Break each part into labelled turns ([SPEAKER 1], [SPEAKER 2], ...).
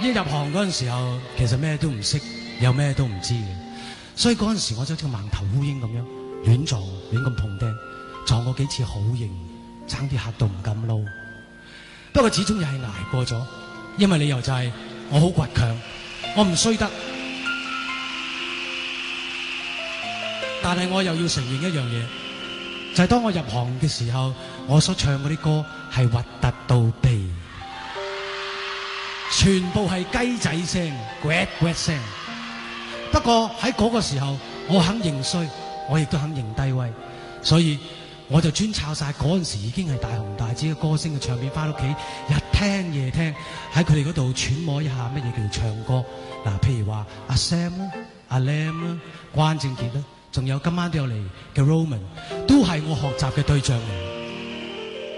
[SPEAKER 1] 一入行嗰陣時候，其實咩都唔識，有咩都唔知嘅，所以嗰陣時我就好似盲頭烏蠅咁樣，亂撞，亂咁碰釘，撞過幾次好型，差啲嚇到唔敢撈。不過始終又係挨過咗，因為理由就係我好倔強，我唔衰得，但係我又要承認一樣嘢，就係當我入行嘅時候，我所唱嗰啲歌係核突到痹。全部係雞仔聲、great great 聲。不過喺嗰個時候，我肯認衰，我亦都肯認低位，所以我就專抄晒嗰陣時已經係大紅大紫嘅歌星嘅唱片，翻屋企日聽夜聽，喺佢哋嗰度揣摩一下乜嘢叫做唱歌。嗱，譬如話阿 Sam 啦、啊、阿、啊、Lam 啦、啊、關正傑啦、啊，仲有今晚都有嚟嘅 Roman，都係我學習嘅對象。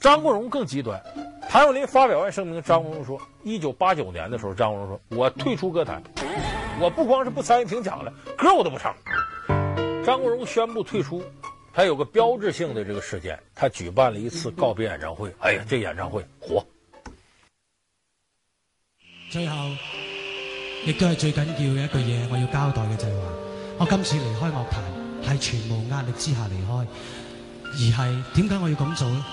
[SPEAKER 2] 張國榮更極端，譚詠麟發表完聲明，張國榮說：“一九八九年的時候，張國榮說我退出歌壇，我不光是不參與評獎了，歌我都不唱。”張國榮宣布退出，他有個標誌性的這個事件，他舉辦了一次告別演唱會。哎呀，這演唱會火！
[SPEAKER 1] 最後，亦都係最緊要嘅一個嘢，我要交代嘅就係話，我今次離開樂壇係全無壓力之下離開，而係點解我要咁做呢？」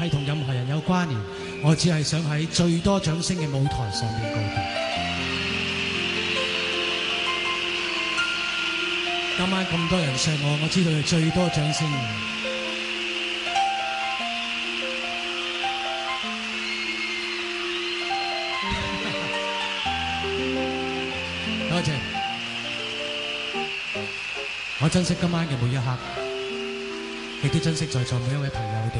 [SPEAKER 1] 係同任何人有關聯，我只係想喺最多掌聲嘅舞台上面告別。今晚咁多人錫我，我知道係最多掌聲。多謝，謝。我珍惜今晚嘅每一刻，亦都珍惜在座每一位朋友。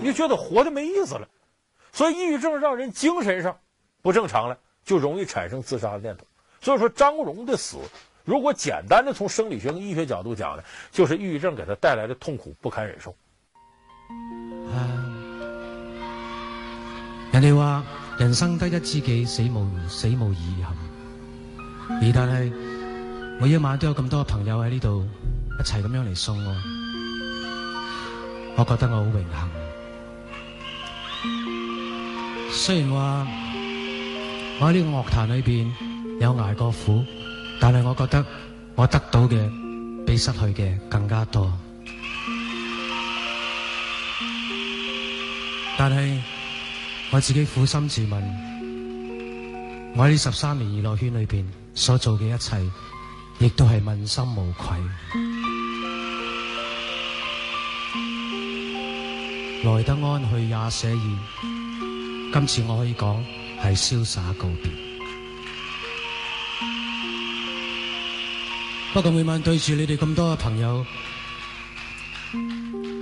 [SPEAKER 2] 你就覺得活的沒意思了，所以抑鬱症讓人精神上不正常了，就容易產生自殺的念頭。所以說張國榮的死，如果簡單的從生理學跟醫學角度講呢，就是抑鬱症給他帶來的痛苦不堪忍受。啊、
[SPEAKER 1] 人哋話人生得一知己，死無死無遺憾。
[SPEAKER 2] 而但
[SPEAKER 1] 係我一晚都有咁多朋友喺呢度一齊咁樣嚟送我，我覺得我好榮幸。雖然話我喺呢個樂壇裏邊有捱過苦，但係我覺得我得到嘅比失去嘅更加多。但係我自己苦心自問，我喺呢十三年娛樂圈裏邊所做嘅一切，亦都係問心無愧。來得安，去也寫意。今次我可以講係瀟灑告別，不過每晚對住你哋咁多嘅朋友，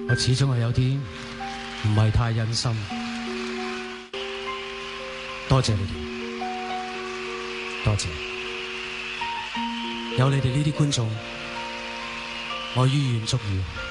[SPEAKER 1] 我始終係有啲唔係太忍心。多謝你哋，多謝有你哋呢啲觀眾，我於願足矣。